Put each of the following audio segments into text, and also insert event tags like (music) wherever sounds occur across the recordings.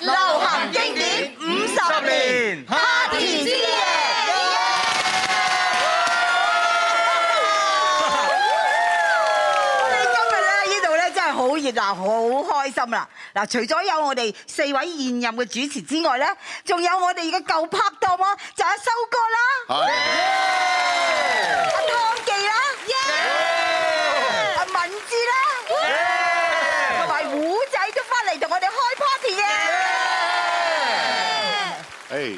流行經典五十年 Party 之夜，我哋今日咧呢度咧真係好熱鬧，好開心啦！嗱，除咗有我哋四位現任嘅主持之外咧，仲有我哋嘅舊拍檔，就阿修哥啦，阿湯記啦，阿敏之啦。誒、hey，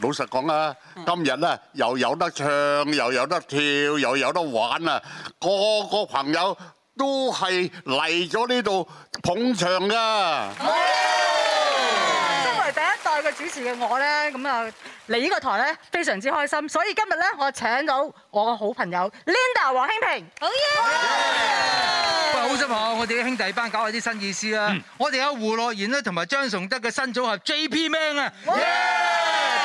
老實講啊，今日呢，又有得唱，又有得跳，又有得玩啊！個個朋友都係嚟咗呢度捧場噶。 (music) 第一代嘅主持嘅我咧，咁啊嚟呢個台咧非常之開心，所以今日咧我請到我嘅好朋友 Linda 王馨平，yeah. Yeah. Yeah. 好嘢，喂，好心望，我哋啲兄弟班搞下啲新意思啊、mm.。我哋有胡諾言咧，同埋張崇德嘅新組合 JP Man 啊、yeah.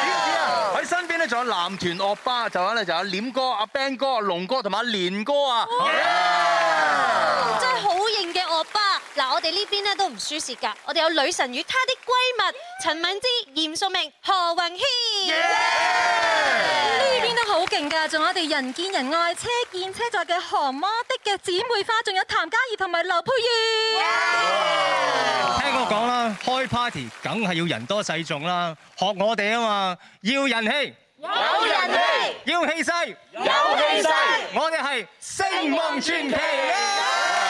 yeah.，喺身邊咧仲有男團惡霸，就話咧就有廉哥、yeah. 阿 Ben 哥、阿龍哥同埋阿連哥啊，哥 yeah. Yeah. 真係好型嘅惡霸嗱，我哋呢邊咧都唔輸蝕噶，我哋有女神與她的閨蜜陳。Yeah. 陳文之嚴淑明、何弘軒，呢邊都好勁噶，仲有我哋人見人愛、車見車載嘅何摩的嘅姊妹花，仲有譚嘉儀同埋劉佩玥。Yeah. Yeah. 聽我講啦，開 party 梗係要人多勢眾啦，學我哋啊嘛，要人氣，有人氣，要氣勢，有氣勢，我哋係星夢傳奇。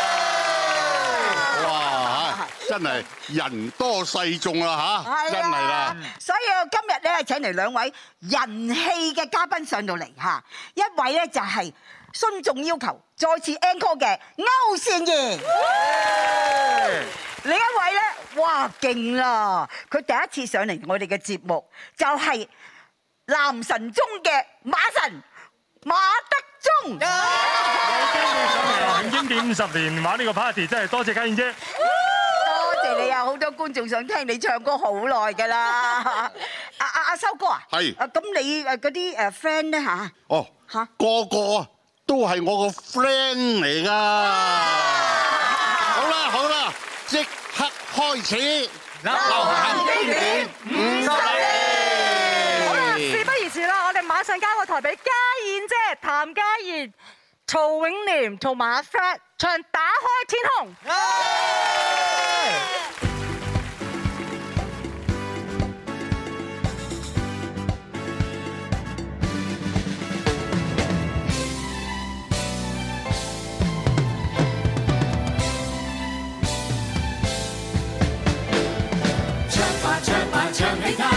真係人多勢眾啊嚇！真係啦，所以今日咧請嚟兩位人氣嘅嘉賓上到嚟嚇，一位咧就係循眾要求再次 Encore 嘅歐倩怡，另一位咧哇勁啦！佢第一次上嚟我哋嘅節目就係男神中嘅馬神馬德鐘。有機會上嚟演經典五十年玩呢個 party，真係多謝家燕姐。多謝你啊！好多觀眾想聽你唱歌好耐嘅啦。阿阿阿修哥啊，係。咁你誒嗰啲誒 friend 咧嚇？哦，嚇。個個都係我個 friend 嚟㗎。好啦好啦，即刻開始流行經典五十。好啦，事不宜遲啦，我哋馬上交個台俾家燕姐，譚嘉燕。曹永廉同馬紮，唱打開天空。唱吧，唱吧，唱起他。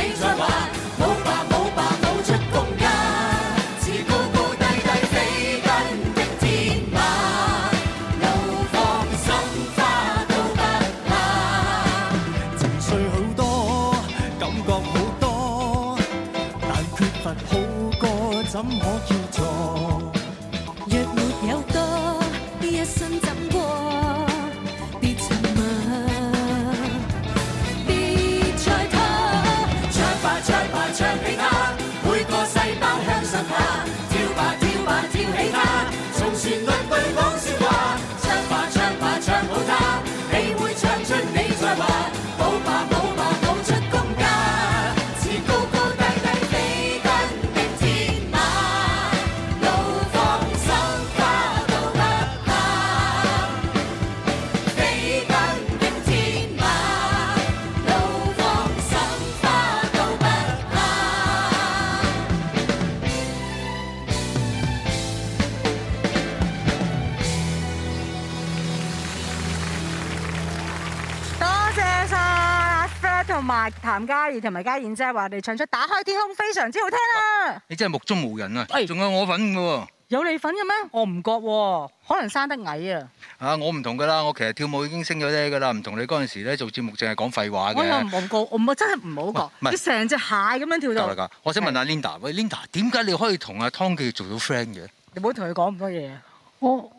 嘉儀同埋家燕姐話你唱出打開天空非常之好聽啊！啊，你真係目中無人啊！仲、哎、有我份嘅喎。啊，有你份嘅咩？我唔覺得、啊，可能生得矮啊！啊，我唔同噶啦，我其實跳舞已經升咗啲噶啦，唔同你嗰陣時咧，做節目淨係講廢話嘅。我唔好講，我唔係真係唔好講，你成隻蟹咁樣跳到。我想問阿 Linda，喂，Linda，點解你可以同阿湯記做到 friend 嘅？你唔好同佢講咁多嘢。我。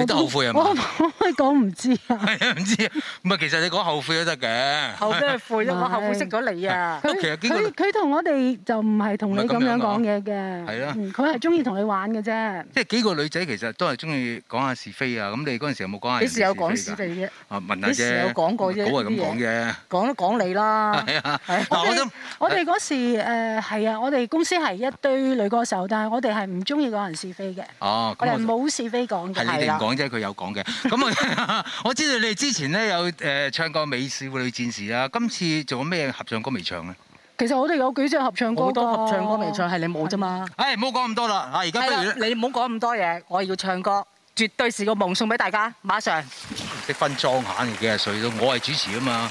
你都後悔啊！我我可以講唔知啊，唔知啊，唔係其實你講後悔都得嘅。後悔啊！我後悔識咗你啊！佢其實幾佢佢同我哋就唔係同你咁樣講嘢嘅。係咯，佢係中意同你玩嘅啫。即係幾個女仔其實都係中意講下是非啊！咁你嗰陣時有冇講下是非嘅？有講是非啫。啊，問下啫。有講過啫。好係咁講嘅。講講你啦。係啊。但係我我哋嗰時誒係啊，我哋公司係一堆女歌手，但係我哋係唔中意講人是非嘅。哦，我哋冇是非講嘅係啦。講即佢有講嘅，咁、嗯、我 (laughs) 我知道你哋之前咧有誒唱過《美少女戰士》啊，今次做咩合唱歌未唱咧？其實我哋有幾張合唱歌多合唱歌未唱，係你冇啫嘛。誒，唔好講咁多啦。啊而，而家、哎、不如你唔好講咁多嘢，我要唱歌，絕對是個夢，送俾大家，馬上。識分莊閒，幾廿歲都。我係主持啊嘛。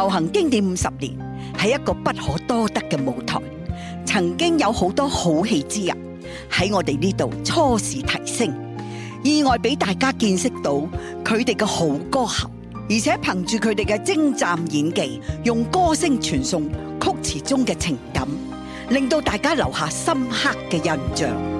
流行經典五十年係一個不可多得嘅舞台，曾經有好多好戲之人喺我哋呢度初試啼聲，意外俾大家見識到佢哋嘅好歌喉，而且憑住佢哋嘅精湛演技，用歌聲傳送曲詞中嘅情感，令到大家留下深刻嘅印象。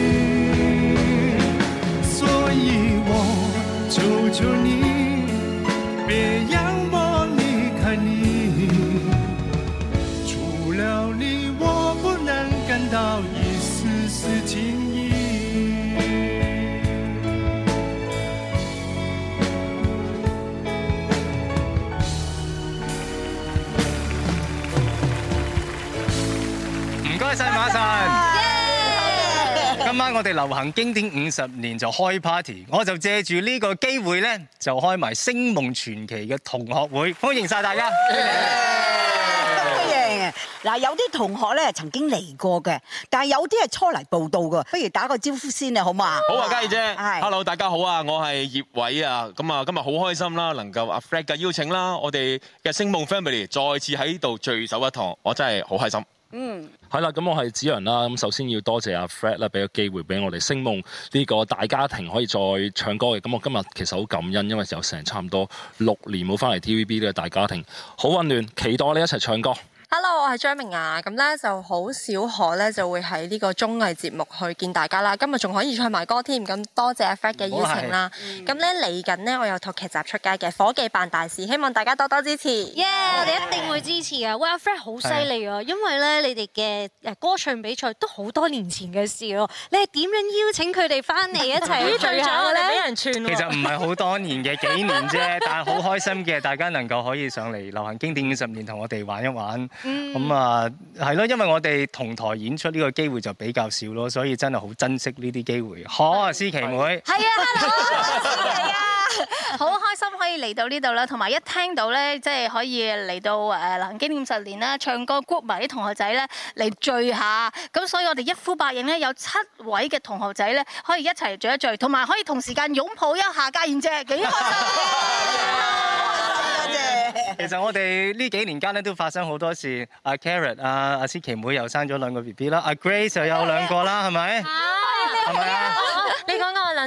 我哋流行經典五十年就開 party，我就借住呢個機會咧，就開埋星夢傳奇嘅同學會，歡迎晒大家！歡迎嗱，有啲同學咧曾經嚟過嘅，但係有啲係初嚟報道嘅，不如打個招呼先啦，好嘛？Yeah. 好啊，嘉儀姐，yeah，Hello，大家好啊，我係葉暐啊，咁啊，今日好開心啦，能夠阿 Fred 嘅邀請啦，我哋嘅星夢 Family 再次喺度聚首一堂，我真係好開心。嗯，係啦，咁我係子揚啦，咁首先要多謝阿 Fred 啦，俾個機會俾我哋星夢呢個大家庭可以再唱歌嘅，咁我今日其實好感恩，因為有成差唔多六年冇返嚟 TVB 呢個大家庭，好混亂，期待你一齊唱歌。Hello，我係張名雅，咁咧就好少可咧就會喺呢個綜藝節目去見大家啦，今日仲可以唱埋歌添，咁多謝阿 Fred 嘅邀請啦。咁咧嚟緊咧我有套劇集出街嘅，伙計辦大事，希望大家多多支持。Yeah，, yeah、嗯、我哋一定會支持嘅、啊。喂，阿 Fred 好犀利啊，因為咧你哋嘅歌唱比賽都好多年前嘅事咯、啊，你係點樣邀請佢哋翻嚟一齊聚下咧？俾人串。其實唔係好多年嘅幾年啫， (laughs) 但係好開心嘅，大家能夠可以上嚟流行經典五十年同我哋玩一玩。咁、嗯、啊，係、嗯、咯、嗯，因為我哋同台演出呢個機會就比較少咯，所以真係好珍惜呢啲機會。啊、嗯，思琪妹，係啊，係 (laughs) 啊你好，好 (laughs) 開心可以嚟到呢度啦，同埋一聽到咧，即、就、係、是、可以嚟到南京紀念十年啦，唱歌 group 埋啲同學仔咧嚟聚下，咁所以我哋一呼百應咧，有七位嘅同學仔咧可以一齊聚一聚，同埋可以同時間擁抱一下介現，家燕姐，幾 (laughs) (laughs) 其實我哋呢幾年間咧，都發生好多事 -K -K。阿 Carrot、啊阿思琪妹又生咗兩個 BB 啦，阿 Grace 又有兩個啦，係咪？係咪啊？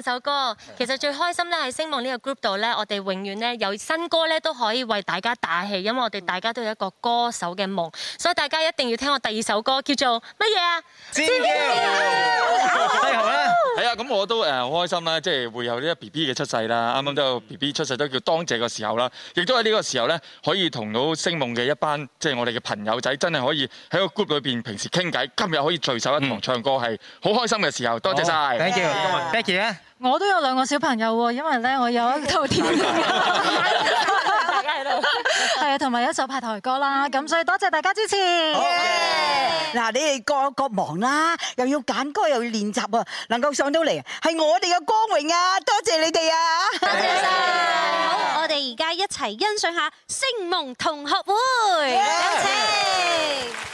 唱首歌，其實最開心咧喺星夢呢個 group 度咧，我哋永遠咧有新歌咧都可以為大家打氣，因為我哋大家都有一個歌手嘅夢，所以大家一定要聽我第二首歌叫做乜嘢啊？尖叫！好啊，係嘛？係啊，咁我都誒好開心啦，即係會有呢個 B B 嘅出世啦，啱啱都有 B B 出世都叫當謝嘅時候啦，亦都喺呢個時候咧可以同到星夢嘅一班即係我哋嘅朋友仔，真係可以喺個 group 裏邊平時傾偈，今日可以聚首一同唱歌係好開心嘅時候，多謝晒。Thank you thank you。謝謝。我都有兩個小朋友喎，因為咧我有一套碟，大家喺度，係啊，同埋有一首派台歌啦，咁所以多謝大家支持。嗱，你哋個個忙啦，又要揀歌又要練習喎，能夠上到嚟係我哋嘅光榮啊！多謝你哋啊！多謝晒。好，我哋而家一齊欣賞下《星夢同學會》，有請。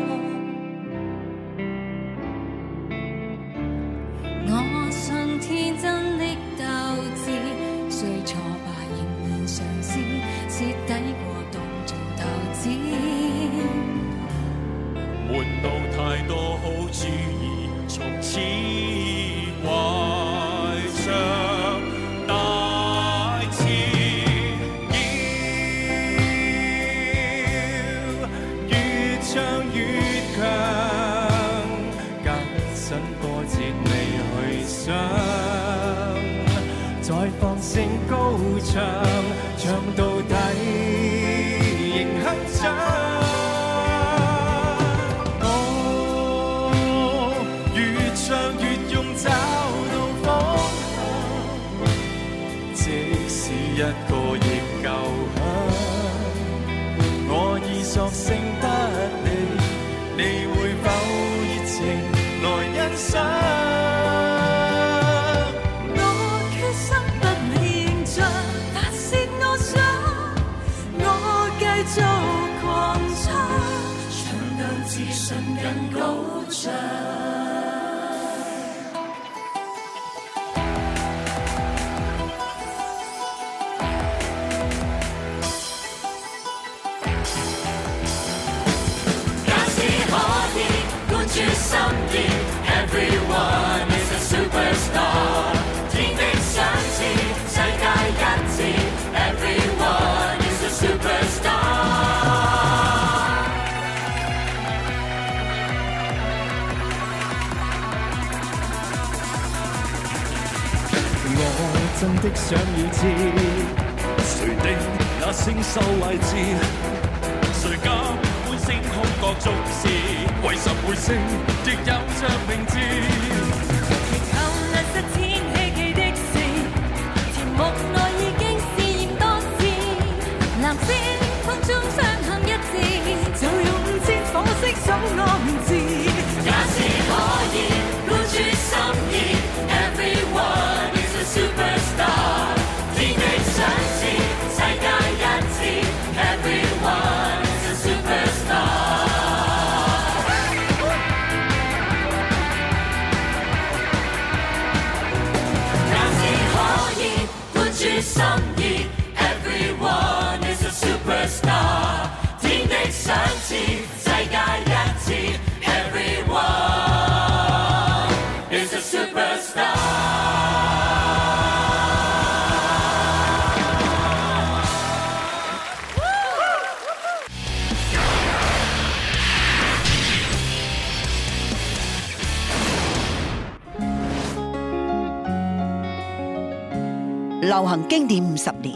流行經典五十年，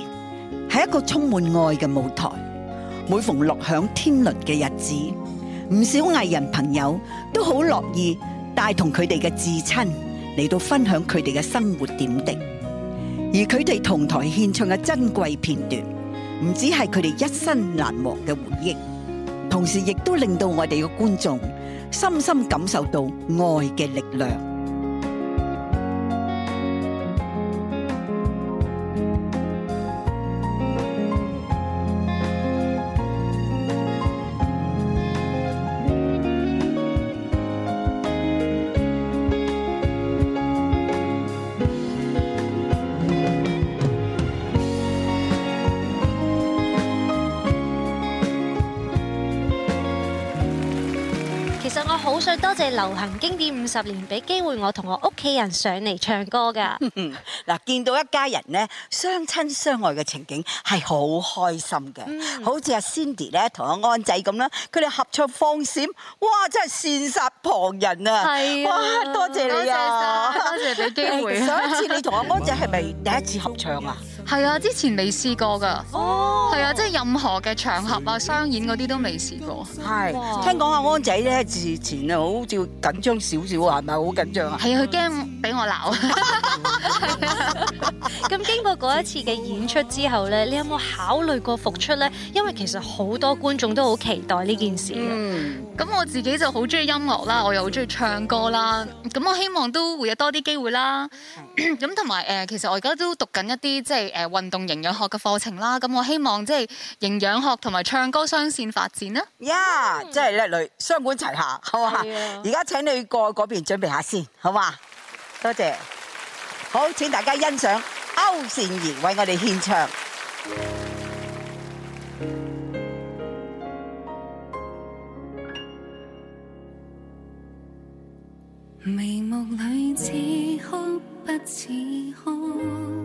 係一個充滿愛嘅舞台。每逢樂享天倫嘅日子，唔少藝人朋友都好樂意帶同佢哋嘅至親嚟到分享佢哋嘅生活點滴，而佢哋同台獻唱嘅珍貴片段，唔止係佢哋一生難忘嘅回憶，同時亦都令到我哋嘅觀眾深深感受到愛嘅力量。流行經典五十年，俾機會我同我屋企人上嚟唱歌噶。嗱，見到一家人咧，相親相愛嘅情景係好開心嘅，好似阿 Cindy 咧同阿安仔咁啦，佢哋合唱《放閃》，哇，真係羨煞旁人啊，係啊！哇，多謝你啊，多謝俾機會。上一次你同阿安仔係咪第一次合唱啊？係啊，之前未試過噶，係、哦、啊，即係任何嘅場合啊、商演嗰啲都未試過。係，聽講阿安仔咧，之前啊，好似緊張少少，係咪好緊張啊？係啊，佢驚俾我鬧。咁 (laughs) (laughs) (laughs) 經過嗰一次嘅演出之後咧，你有冇考慮過復出咧？因為其實好多觀眾都好期待呢件事。咁、嗯、我自己就好中意音樂啦，我又好中意唱歌啦。咁我希望都會有多啲機會啦。咁同埋誒，其實我而家都讀緊一啲即係。就是誒運動營養學嘅課程啦，咁我希望即係營養學同埋唱歌雙線發展啦。Yeah，真係叻女，雙管齊下，好嘛？而家請你過嗰邊準備下先，好嘛？多謝。好，請大家欣賞歐倩怡為我哋獻唱。眉目裏似哭不似哭。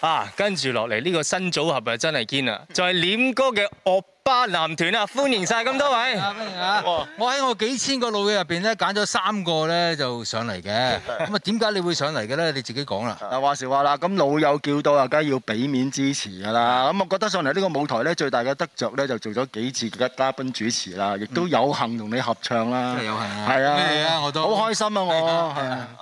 啊，跟住落嚟呢個新組合啊，真係堅啊！就係廉哥嘅惡霸男團啊，歡迎晒咁多位。啊，歡迎啊！我喺我幾千個老友入邊咧，揀咗三個咧就上嚟嘅。咁啊，點解你會上嚟嘅咧？你自己講啦。嗱話時話啦，咁老友叫到啊，梗係要俾面支持噶啦。咁我覺得上嚟呢個舞台咧，最大嘅得着咧，就做咗幾次嘅嘉賓主持啦，亦都有幸同你合唱啦。真、嗯、係啊！係啊，啊，我都好開心啊！我阿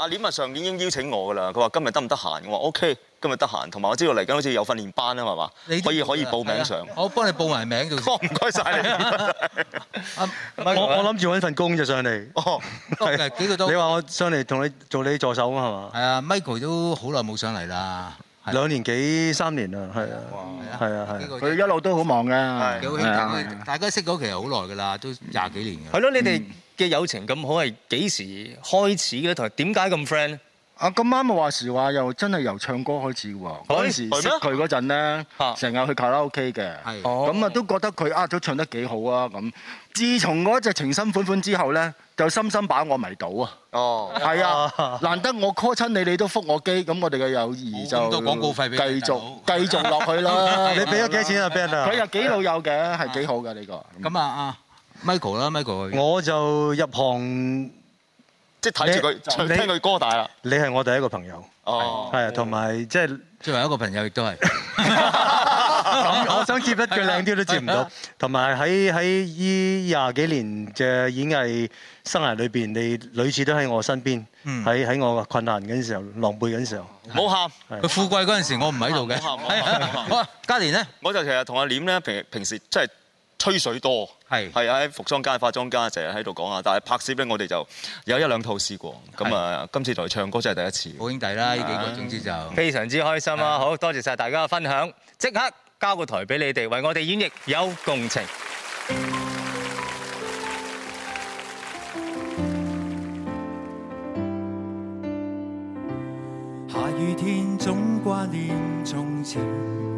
廉啊，啊啊上年已經邀請我噶啦，佢話今日得唔得閒？我話 OK。今日得閒，同埋我知道嚟緊好似有訓練班啦，係嘛？你可以可以報名上。我幫你報埋名叫。多唔該晒你我你 (laughs) (laughs) Michael, 我諗住搵份工就上嚟。哦，係幾個鐘？你話我上嚟同你做你助手啊，係嘛？係啊，Michael 都好耐冇上嚟啦，兩年幾三年啦，係啊，係啊，係啊，佢一路都忙的的好忙嘅，幾好興奮，大家識咗其實好耐㗎啦，都廿幾年嘅。係咯，你哋嘅友情咁好，係幾時開始嘅？同埋點解咁 friend？啊，咁啱話時話又真係由唱歌開始喎。嗰陣時識佢嗰陣咧，成日去卡拉 OK 嘅，咁啊都覺得佢啊都唱得幾好啊咁。自從嗰隻情深款款之後咧，就深深把我迷倒啊。哦，係啊， (laughs) 難得我 call 親你，你都覆我機，咁我哋嘅友誼就多廣告費俾繼續繼續落去啦。 (laughs) 你俾咗幾多錢啊，Ben 啊？佢又幾老友嘅，係幾好嘅呢個。咁啊、uh,，Michael 啦、uh,，Michael、uh,。我就入行。睇住佢，隨聽佢歌大啦。你係、就是、我第一個朋友，係、哦、啊，同埋即係最後一個朋友也是，亦都係。我想接得一句靚啲都接唔到。同埋喺喺依廿幾年嘅、就是、演藝生涯裏邊，你屢次都喺我身邊，喺、嗯、喺我困難嗰時候、狼狽嗰時候，冇、嗯、喊。佢富貴嗰陣時候我不在裡，我唔喺度嘅。冇喊。嘉年呢，我就成日同阿廉咧，平平時即係。吹水多係係喺服裝間、化妝間成日喺度講啊！但係拍攝咧，我哋就有一兩套試過。咁啊，今次同佢唱歌真係第一次。好兄弟啦，呢幾個總之就非常之開心啊！好多謝晒大家嘅分享，即刻交個台俾你哋，為我哋演繹有共情。下 (music) 雨天總掛念從前。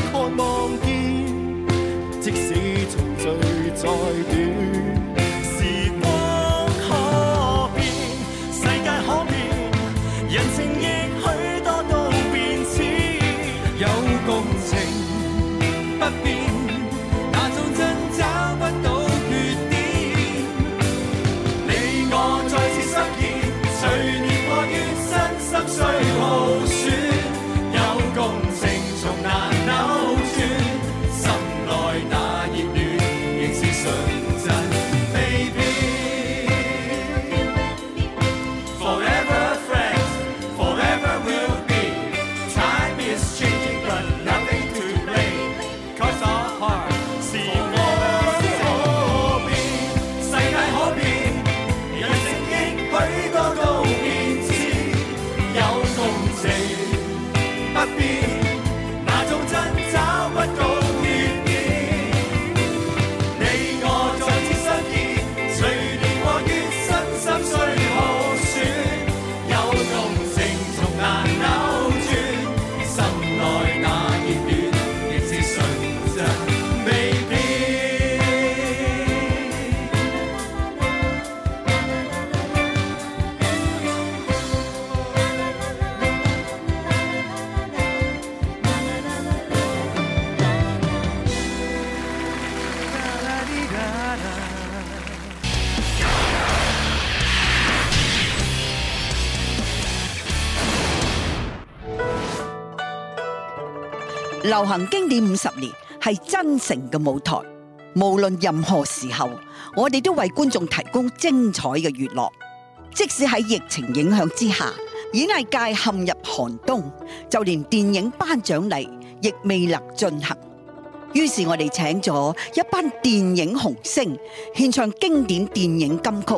流行經典五十年係真誠嘅舞台，無論任何時候，我哋都為觀眾提供精彩嘅娛樂。即使喺疫情影響之下，演藝界陷入寒冬，就連電影頒獎禮亦未能進行。於是，我哋請咗一班電影紅星獻唱經典電影金曲，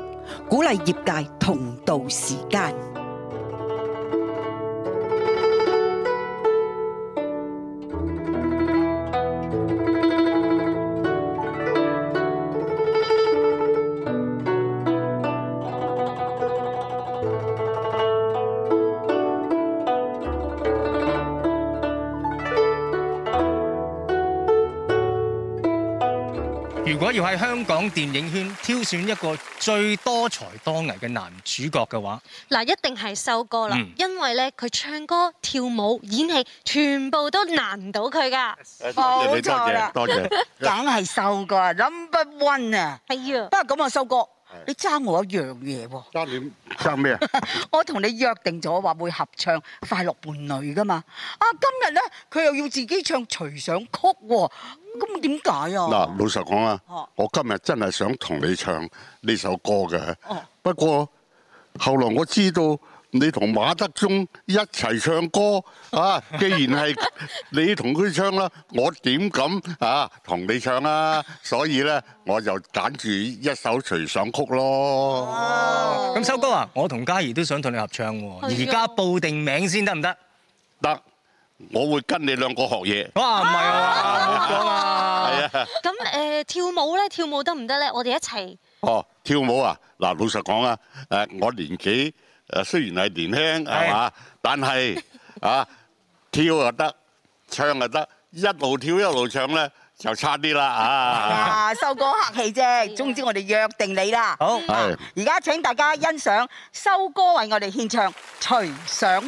鼓勵業界同渡時間。香港電影圈挑選一個最多才多藝嘅男主角嘅話，嗱，一定係修哥啦，因為咧佢唱歌、跳舞、演戲，全部都難唔到佢噶，冇錯啦，多謝，多謝，梗係修哥啊，number one 啊，係啊，不過咁啊，修哥。你爭我一樣嘢喎？爭咩啊？ (laughs) 我同你約定咗話會合唱《快樂伴侶》噶嘛？啊，今日咧佢又要自己唱《隨想曲》喎，咁點解啊？嗱、嗯嗯嗯嗯，老實講啊，我今日真係想同你唱呢首歌嘅、嗯。不過後來我知道。你同馬德鐘一齊唱歌啊！既然係你同佢唱啦，我點敢我、wow. 啊同你唱啊？所以咧，我就揀住一首《隨上曲隨想曲》咯。咁首歌啊，我同嘉怡都想同你合唱喎。而家報定名先得唔得？得，我會跟你兩個學嘢。哇，唔係啊嘛，係啊。咁誒、啊啊啊啊呃，跳舞咧，跳舞得唔得咧？我哋一齊。哦，跳舞啊！嗱，老實講啊，誒，我年紀。誒，雖然係年輕係嘛，但係啊， (laughs) 跳又得，唱又得，一路跳一路唱咧就差啲啦啊！啊，修哥客氣啫，總之我哋約定你啦。好，而家請大家欣賞修哥為我哋獻唱《隨想曲》。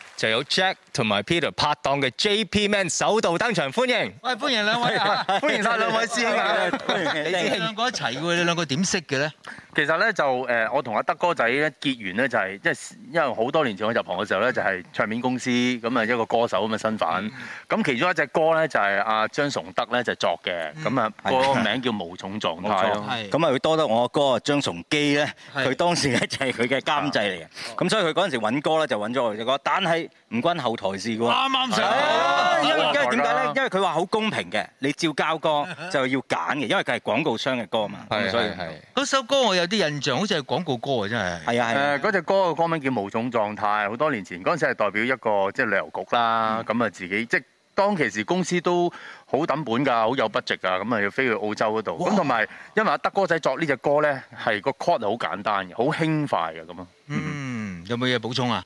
就有 Jack 同埋 Peter 拍檔嘅 JP Man 首度登場，歡迎！喂，歡迎兩位啊，啊，啊，啊，歡迎晒兩位師兄啊！啊啊啊歡迎你哋兩 (laughs) 個一齊嘅， (laughs) 你兩個點識嘅咧？其實咧就誒，我同阿德哥仔咧結緣咧就係、是，即係因為好多年前我入行嘅時候咧就係、是、唱片公司，咁啊一個歌手咁嘅身份。咁、嗯、其中一隻歌咧就係阿張崇德咧就是、作嘅，咁啊歌名叫《無重狀態》，咁啊佢多得我阿哥張崇基咧，佢當時咧就係佢嘅監製嚟嘅。咁、嗯、所以佢嗰陣時揾歌咧就揾咗我隻歌，但係唔關後台事喎。啱啱上，因為點解咧？因為佢話好公平嘅，你照交歌就要揀嘅，因為佢係廣告商嘅歌嘛。所以嗰首歌我。有啲印象，好似係廣告歌啊，真係。係啊，係。誒、呃，嗰隻歌嘅歌名叫《無重狀態》，好多年前嗰陣時係代表一個即係旅遊局啦，咁、嗯、啊自己即係當其時公司都好揼本㗎，好有 budget 㗎，咁啊要飛去澳洲嗰度。咁同埋，因為阿德哥仔作呢隻歌咧，係個 core 好簡單嘅，好輕快嘅咁啊。嗯，有冇嘢補充啊？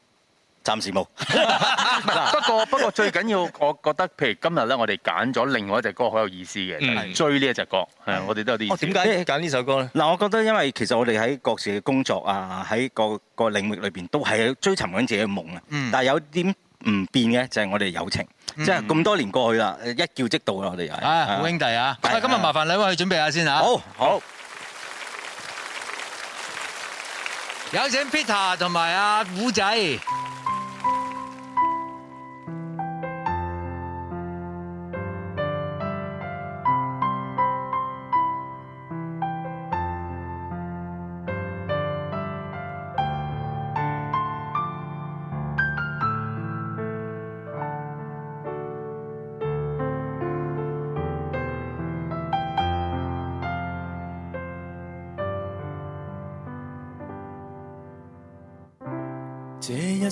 暫時冇。不過，不過最緊要我覺得，譬如今日咧，我哋揀咗另外一隻歌，好有意思嘅，追呢一隻歌。係啊，我哋都有啲意思。點解揀呢首歌咧？嗱，我覺得因為其實我哋喺各自嘅工作啊，喺各個領域裏邊都係追尋緊自己嘅夢啊。嗯。但係有點唔變嘅就係我哋友情，即係咁多年過去啦，一叫即到啦，我哋又係。啊，好兄弟啊！今日麻煩兩位去準備下先嚇。好，好。有請 Peter 同埋阿虎仔。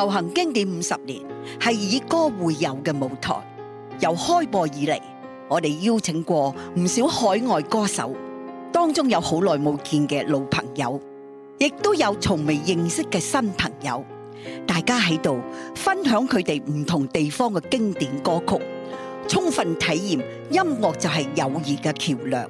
流行經典五十年係以歌會友嘅舞台。由開播以嚟，我哋邀請過唔少海外歌手，當中有好耐冇見嘅老朋友，亦都有從未認識嘅新朋友。大家喺度分享佢哋唔同地方嘅經典歌曲，充分體驗音樂就係友誼嘅橋樑。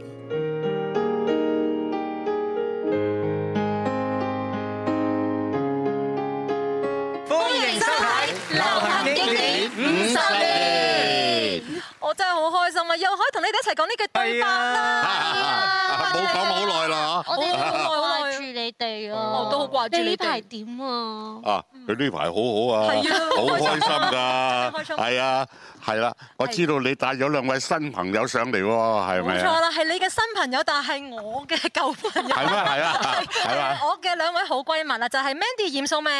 又可以同你哋一齊講呢句對白啦。啊。啊啊我冇耐啦嚇，我好耐好耐住你哋啊，我都好掛住呢排點啊？啊，佢呢排好好啊，好、啊、開心㗎，係啊，係啦、啊啊啊啊啊啊啊，我知道你帶咗兩位新朋友上嚟喎，係咪啊？冇錯啦，係你嘅新朋友，但係我嘅舊朋友，係咩？係啊，係啊，啊！我嘅兩位好閨蜜啦，就係、是、Mandy 嚴淑明，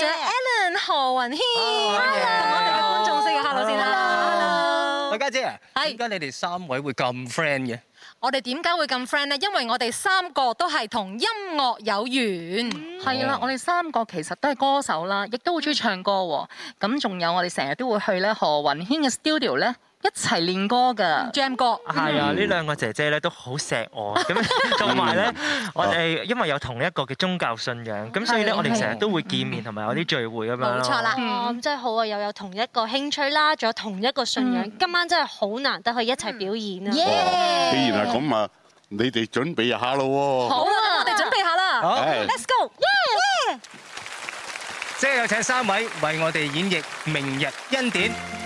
就有 Alan 何弘軒，同我哋嘅觀眾識 Hello 先！Hello！大家、yeah. 姐啊，點解你哋三位會咁 friend 嘅？我哋點解會咁 friend 咧？因為我哋三個都係同音樂有緣。係、嗯、啦、嗯，我哋三個其實都係歌手啦，亦都好中意唱歌喎。咁仲有我哋成日都會去咧何弘軒嘅 studio 咧，一齊練歌嘅 Jam 哥，係啊！呢兩個姐姐咧都好錫我咁，同埋咧我哋因為有同一個嘅宗教信仰，咁所以咧我哋成日都會見面同埋有啲聚會咁樣。冇錯啦，咁真係好啊！又有同一個興趣啦，仲有同一個信仰，嗯、今晚真係好難得去一齊表演啊、嗯！既然係咁啊，你哋準備一下咯！好啦，我哋準備下啦。好，好，Let's go！、Yeah. 即係有請三位為我哋演繹明日恩典。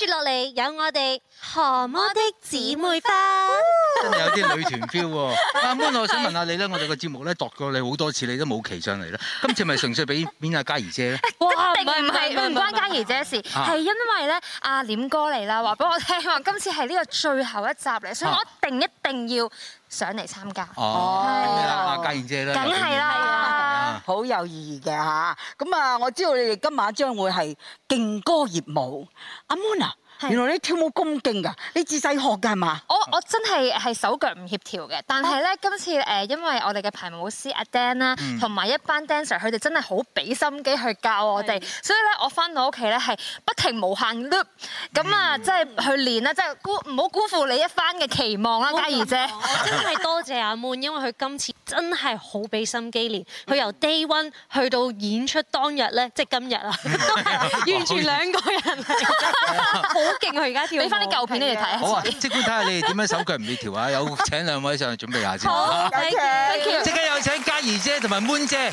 接落嚟有我哋荷魔的姊妹花，真係有啲女團 feel 喎。阿 (laughs) m 我想問下你咧，我哋個節目咧，度過你好多次，你都冇騎上嚟咧。今次咪純粹俾邊阿嘉怡姐咧？一定唔係唔關嘉怡姐的事，係因為咧阿廉哥嚟啦，話俾我聽，希望今次係呢個最後一集嚟，所以我一定一定要。上嚟參加哦，梗係啦，嘉賢姐啦，梗係啦，好有意義嘅吓，咁啊，我知道你哋今晚將會係勁歌熱舞，阿 Mona。Moon 啊。原來你跳舞咁勁噶？你自細學噶係嘛？我我真係係手腳唔協調嘅，但係咧、哦、今次誒，因為我哋嘅排舞師阿 Dan 啦、嗯，同埋一班 dancer，佢哋真係好俾心機去教我哋，所以咧我翻到屋企咧係不停無限 loop，咁啊即係去練啦，即係辜唔好辜負你一番嘅期望啦，嘉、嗯、怡姐。哦、真係多謝，謝阿 Moon，因為佢今次真係好俾心機練，佢由 day one 去到演出當日咧、嗯，即係今日啊，都係完全兩個人。 (laughs) (laughs) 好勁啊！而家跳，俾翻啲舊片你哋睇下。好啊，即管睇下你哋點樣手腳唔協調啊！有請兩位上去準備下先嚇。好，即刻有請嘉儀姐同埋 moon 姐。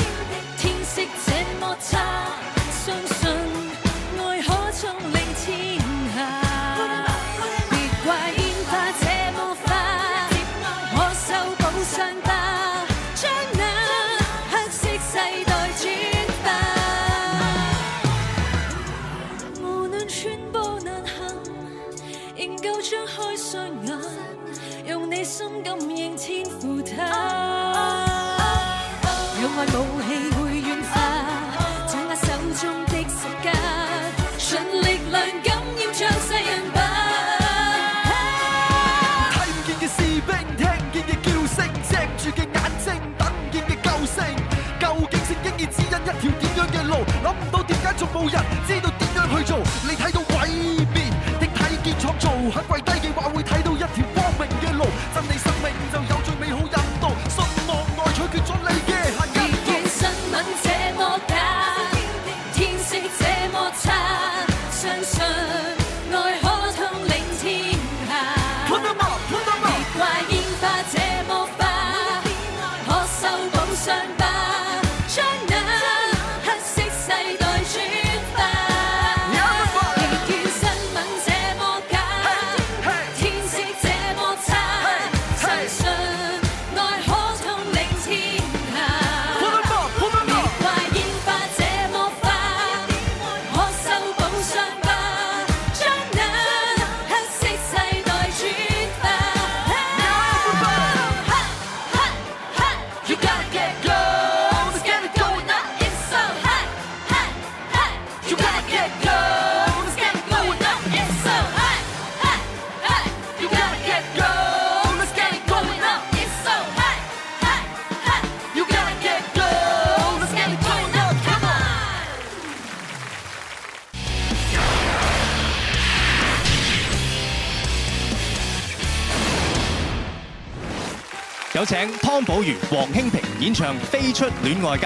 寶如王馨平演唱《飛出戀愛街》。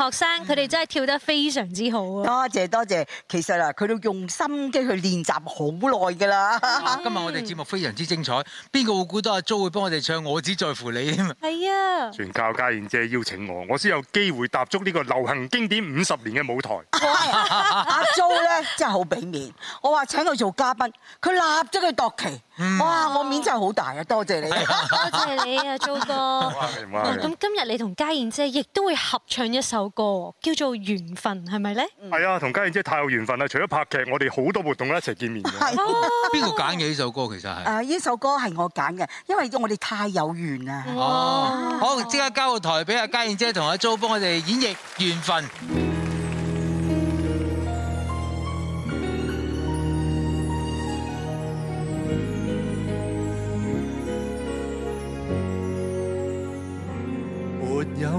學生佢哋真係跳得非常之好啊！多謝多謝，其實啊，佢都用心機去練習好耐㗎啦。今日我哋節目非常之精彩，邊個會估到阿 Jo 會幫我哋唱《我只在乎你》啊？係啊！全靠家燕姐邀請我，我先有機會踏足呢個流行經典五十年嘅舞台 (laughs) 阿、啊、Jo 咧真係好俾面，我話請佢做嘉賓，佢立即去度期。哇！我面真係好大啊，多謝你啊，多謝你，多謝你啊，祖哥。咁、啊啊、今日你同家燕姐亦都會合唱一首歌，叫做《緣分》，係咪咧？係啊，同家燕姐太有緣分啦！除咗拍劇，我哋好多活動一齊見面。係邊個揀嘅呢首歌？其實係誒呢首歌係我揀嘅，因為我哋太有緣了啊！好，即刻交個台俾阿家燕姐同阿祖幫我哋演繹《緣分》。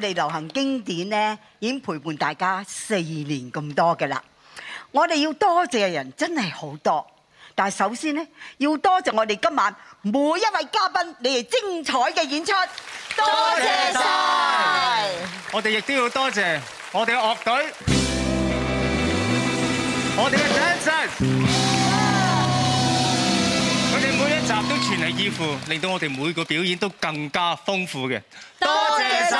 我哋流行經典咧已經陪伴大家四年咁多嘅啦，我哋要多謝嘅人真係好多，但係首先咧要多謝我哋今晚每一位嘉賓，你哋精彩嘅演出，多謝晒。我哋亦都要多謝我哋嘅樂隊，我哋嘅 dancer。你戲服，令到我哋每個表演都更加豐富嘅。多謝晒！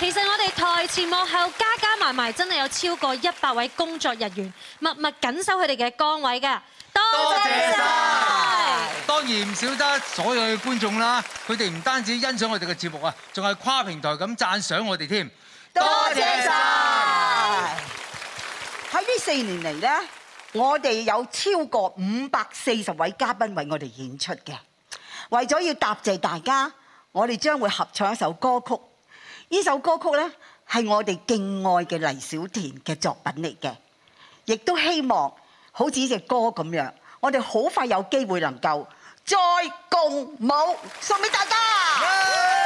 其實我哋台前幕後加加埋埋，真係有超過一百位工作人員，默默緊守佢哋嘅崗位嘅。多謝晒！當然唔少得所有嘅觀眾啦，佢哋唔單止欣賞我哋嘅節目啊，仲係跨平台咁讚賞我哋添。多謝晒！喺呢四年嚟呢，我哋有超過五百四十位嘉賓為我哋演出嘅，為咗要答謝大家，我哋將會合唱一首歌曲。呢首歌曲呢，係我哋敬愛嘅黎小田嘅作品嚟嘅，亦都希望好似隻歌咁樣，我哋好快有機會能夠再共舞，送俾大家。